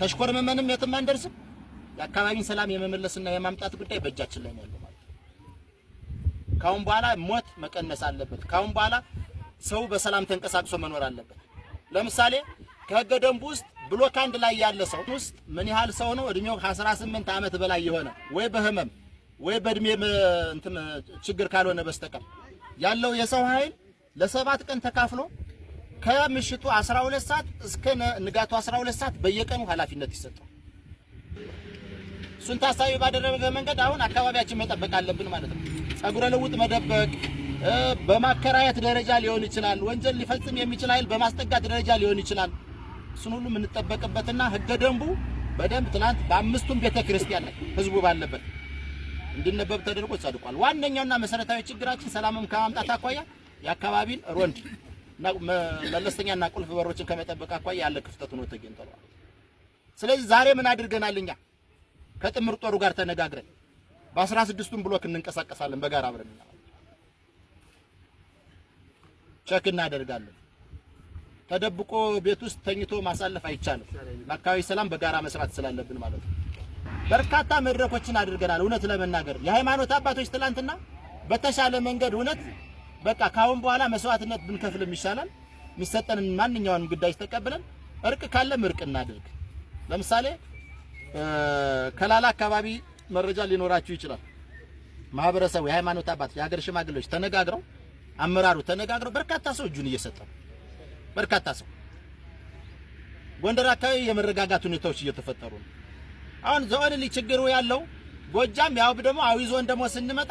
ተሽኮርመመንም የትም አንደርስም። የአካባቢን ሰላም የመመለስና የማምጣት ጉዳይ በእጃችን ላይ ነው ያለው ማለት ነው። ካሁን በኋላ ሞት መቀነስ አለበት። ካሁን በኋላ ሰው በሰላም ተንቀሳቅሶ መኖር አለበት። ለምሳሌ ከህገ ደንቡ ውስጥ ብሎክ አንድ ላይ ያለ ሰው ውስጥ ምን ያህል ሰው ነው እድሜው ከ18 ዓመት በላይ የሆነ ወይ በህመም ወይ በእድሜ ችግር ካልሆነ በስተቀር ያለው የሰው ኃይል ለሰባት ቀን ተካፍሎ ከምሽቱ 12 ሰዓት እስከ ንጋቱ 12 ሰዓት በየቀኑ ኃላፊነት ይሰጠው። እሱን ታሳቢ ባደረገ መንገድ አሁን አካባቢያችን መጠበቅ አለብን ማለት ነው። ጸጉረ ልውጥ መደበቅ፣ በማከራየት ደረጃ ሊሆን ይችላል። ወንጀል ሊፈጽም የሚችል ኃይል በማስጠጋት ደረጃ ሊሆን ይችላል። እሱን ሁሉ የምንጠበቅበትና ህገ ደንቡ በደንብ ትናንት በአምስቱም ቤተ ክርስቲያን ላይ ህዝቡ ባለበት እንዲነበብ ተደርጎ ጸድቋል። ዋነኛውና መሰረታዊ ችግራችን ሰላምም ከማምጣት አኳያ የአካባቢን ሮንድ መለስተኛና ቁልፍ በሮችን ከመጠበቅ አኳያ ያለ ክፍተት ሆኖ ተገኝቷል። ስለዚህ ዛሬ ምን አድርገናል? እኛ ከጥምር ጦሩ ጋር ተነጋግረን በአስራ ስድስቱን ብሎክ እንንቀሳቀሳለን። በጋራ አብረን ቸክ እናደርጋለን። ተደብቆ ቤት ውስጥ ተኝቶ ማሳለፍ አይቻልም። ለአካባቢ ሰላም በጋራ መስራት ስላለብን ማለት ነው። በርካታ መድረኮችን አድርገናል። እውነት ለመናገር የሃይማኖት አባቶች ትላንትና በተሻለ መንገድ እውነት በቃ ካሁን በኋላ መስዋዕትነት ብንከፍልም ይሻላል። የሚሰጠንን ማንኛውንም ግዳጅ ተቀብለን እርቅ ካለም እርቅ እናድርግ። ለምሳሌ ከላላ አካባቢ መረጃ ሊኖራችሁ ይችላል። ማህበረሰቡ፣ የሃይማኖት አባት፣ የሀገር ሽማግሌዎች ተነጋግረው አመራሩ ተነጋግረው በርካታ ሰው እጁን እየሰጠ ነው። በርካታ ሰው ጎንደር አካባቢ የመረጋጋት ሁኔታዎች እየተፈጠሩ ነው። አሁን ዘወልል ችግሩ ያለው ጎጃም ያው ደግሞ አዊ ዞን ደግሞ ስንመጣ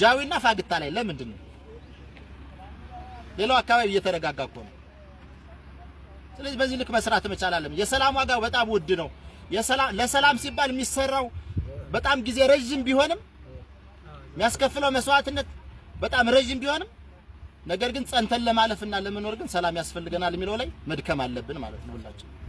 ጃዊና ፋግታ ላይ ለምንድን ነው? ሌላው አካባቢ እየተረጋጋ እኮ ነው። ስለዚህ በዚህ ልክ መስራት መቻላለም። የሰላም ዋጋ በጣም ውድ ነው። ለሰላም ሲባል የሚሰራው በጣም ጊዜ ረዥም ቢሆንም የሚያስከፍለው መስዋዕትነት በጣም ረዥም ቢሆንም ነገር ግን ጸንተን ለማለፍና ለመኖር ግን ሰላም ያስፈልገናል የሚለው ላይ መድከም አለብን ማለት ነው ሁላችን።